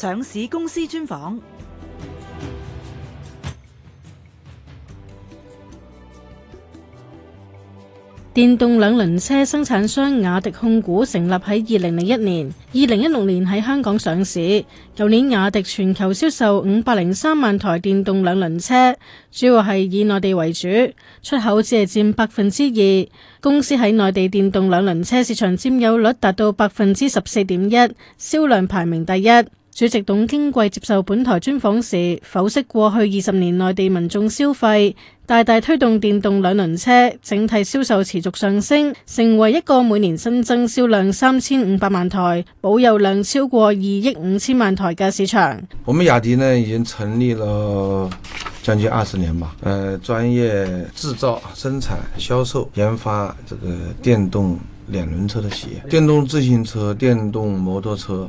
上市公司專訪。電動兩輪車生產商雅迪控股成立喺二零零一年，二零一六年喺香港上市。舊年雅迪全球銷售五百零三萬台電動兩輪車，主要係以內地為主，出口只係佔百分之二。公司喺內地電動兩輪車市場佔有率達到百分之十四點一，銷量排名第一。主席董經貴接受本台專訪時，剖析過去二十年內地民眾消費，大大推動電動兩輪車整體銷售持續上升，成為一個每年新增銷量三千五百萬台、保有量超過二億五千萬台嘅市場。我們雅迪呢已經成立了將近二十年吧，呃，專業製造、生產、銷售、研發這個電動兩輪車嘅企業，電動自行車、電動摩托車。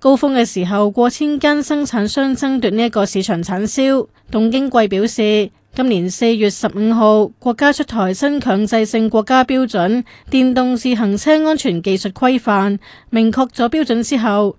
高峰嘅時候，過千間生產商爭奪呢一個市場產銷。董經貴表示，今年四月十五號，國家出台新強制性國家標準《電動自行車安全技術規範》，明確咗標準之後，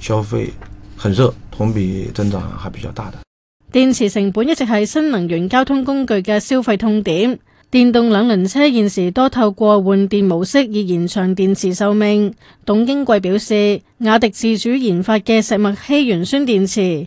消費很熱，同比增長還比較大的。電池成本一直係新能源交通工具嘅消費痛點。電動兩輪車現時多透過換電模式以延長電池壽命。董經貴表示，雅迪自主研發嘅石墨烯鉛酸電池。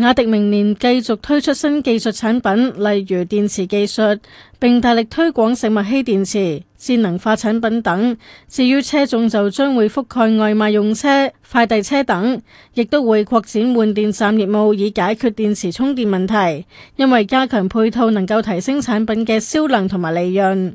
雅迪明年繼續推出新技術產品，例如電池技術，並大力推廣食物烯電池、智能化產品等。至於車種，就將會覆蓋外賣用車、快遞車等，亦都會擴展換電站業務，以解決電池充電問題。因為加強配套，能夠提升產品嘅銷量同埋利潤。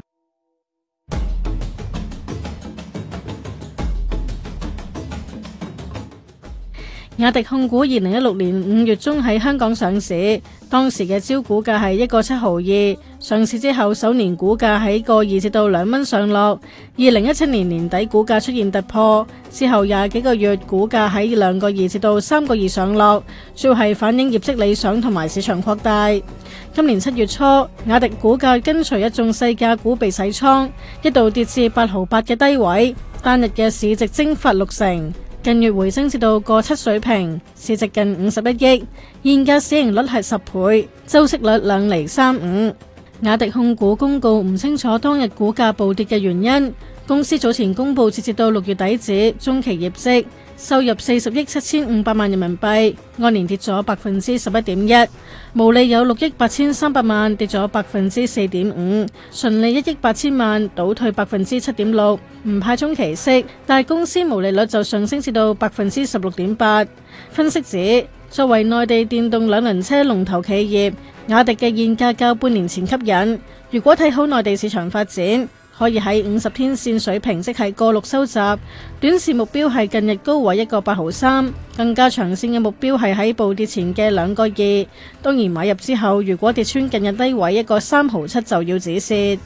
雅迪控股二零一六年五月中喺香港上市，當時嘅招股價係一個七毫二。上市之後首年股價喺個二至到兩蚊上落。二零一七年年底股價出現突破，之後廿幾個月股價喺兩個二至到三個二上落，主要係反映業績理想同埋市場擴大。今年七月初，雅迪股價跟隨一眾細價股被洗倉，一度跌至八毫八嘅低位，單日嘅市值蒸發六成。近月回升至到個七水平，市值近五十一億，現價市盈率係十倍，周息率兩厘三五。雅迪控股公告唔清楚當日股價暴跌嘅原因。公司早前公布截至到六月底止中期業績。收入四十億七千五百萬人民幣，按年跌咗百分之十一點一，毛利有六億八千三百萬，跌咗百分之四點五，純利一億八千萬，倒退百分之七點六，唔派中期息，但係公司毛利率就上升至到百分之十六點八。分析指，作為內地電動兩輪車龍頭企業，雅迪嘅現價較半年前吸引，如果睇好內地市場發展。可以喺五十天線水平，即係過六收集，短線目標係近日高位一個八毫三，更加長線嘅目標係喺暴跌前嘅兩個二。當然買入之後如果跌穿近日低位一個三毫七，就要止蝕。